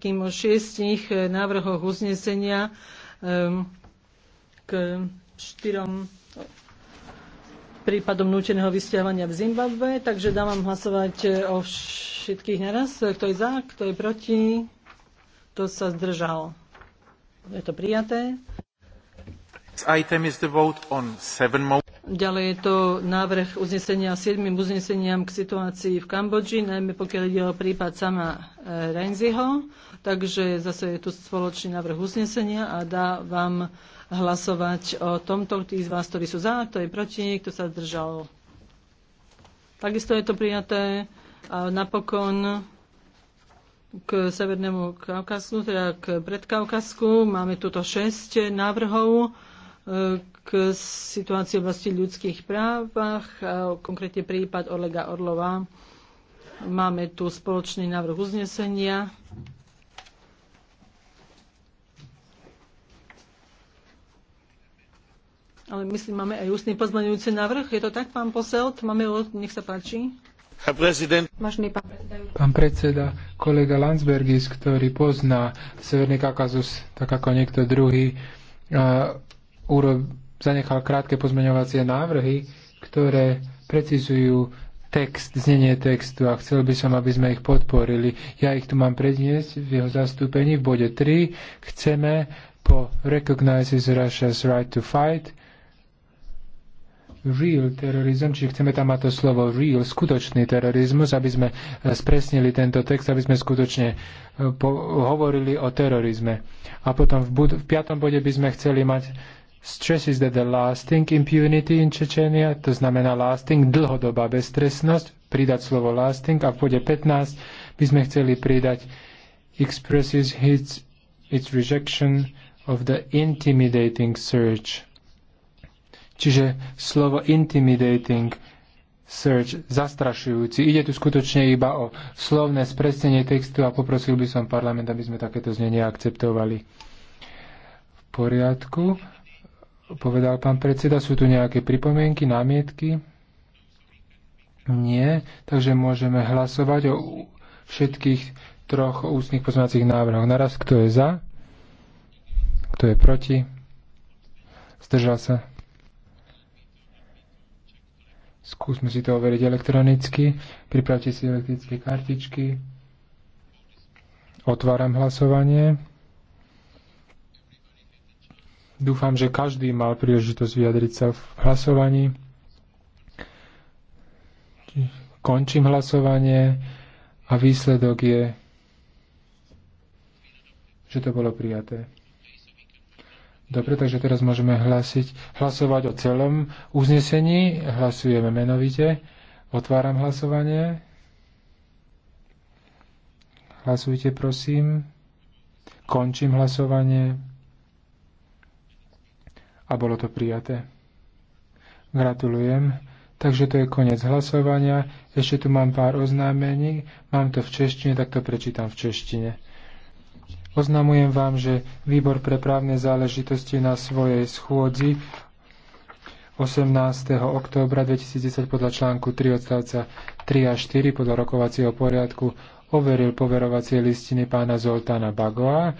kým o šiestich eh, návrhoch uznesenia ehm, k štyrom prípadom núteného vysťahovania v Zimbabve. Takže dávam hlasovať eh, o všetkých naraz. Eh, kto je za, kto je proti, kto sa zdržal. Je to prijaté. Item is the vote on seven motion. Ďalej je to návrh uznesenia siedmým uzneseniam k situácii v Kambodži, najmä pokiaľ ide o prípad sama e, Renziho. Takže zase je tu spoločný návrh uznesenia a dá vám hlasovať o tomto, tí z vás, ktorí sú za, kto je proti, kto sa zdržal. Takisto je to prijaté a napokon k Severnému Kaukasku, teda k predkaukasku. Máme tuto šesť návrhov k situácii v oblasti ľudských právach, konkrétne prípad Olega Orlova. Máme tu spoločný návrh uznesenia. Ale myslím, máme aj ústny pozmeňujúci návrh. Je to tak, pán Poselt? Máme ho, nech sa páči. Pán predseda, kolega Landsbergis, ktorý pozná Severný Kakazus, tak ako niekto druhý, urob, zanechal krátke pozmeňovacie návrhy, ktoré precizujú text, znenie textu a chcel by som, aby sme ich podporili. Ja ich tu mám predniesť v jeho zastúpení v bode 3. Chceme po Recognizes Russia's Right to Fight real terorizm, čiže chceme tam mať to slovo real, skutočný terorizmus, aby sme eh, spresnili tento text, aby sme skutočne eh, hovorili o terorizme. A potom v, bud- v piatom bode by sme chceli mať stresses that the lasting impunity in Čečenia, to znamená lasting, dlhodobá beztresnosť, pridať slovo lasting a v bode 15 by sme chceli pridať expresses its, its rejection of the intimidating search. Čiže slovo intimidating search, zastrašujúci. Ide tu skutočne iba o slovné spresnenie textu a poprosil by som parlament, aby sme takéto znenie akceptovali. V poriadku povedal pán predseda. Sú tu nejaké pripomienky, námietky? Nie. Takže môžeme hlasovať o všetkých troch ústnych pozmeňovacích návrhoch. Naraz, kto je za? Kto je proti? Zdržal sa? Skúsme si to overiť elektronicky. Pripravte si elektrické kartičky. Otváram hlasovanie. Dúfam, že každý mal príležitosť vyjadriť sa v hlasovaní. Končím hlasovanie a výsledok je, že to bolo prijaté. Dobre, takže teraz môžeme hlasiť, hlasovať o celom uznesení. Hlasujeme menovite. Otváram hlasovanie. Hlasujte, prosím. Končím hlasovanie a bolo to prijaté. Gratulujem. Takže to je koniec hlasovania. Ešte tu mám pár oznámení. Mám to v češtine, tak to prečítam v češtine. Oznamujem vám, že Výbor pre právne záležitosti na svojej schôdzi 18. októbra 2010 podľa článku 3 odstavca 3 a 4 podľa rokovacieho poriadku overil poverovacie listiny pána Zoltána Bagoa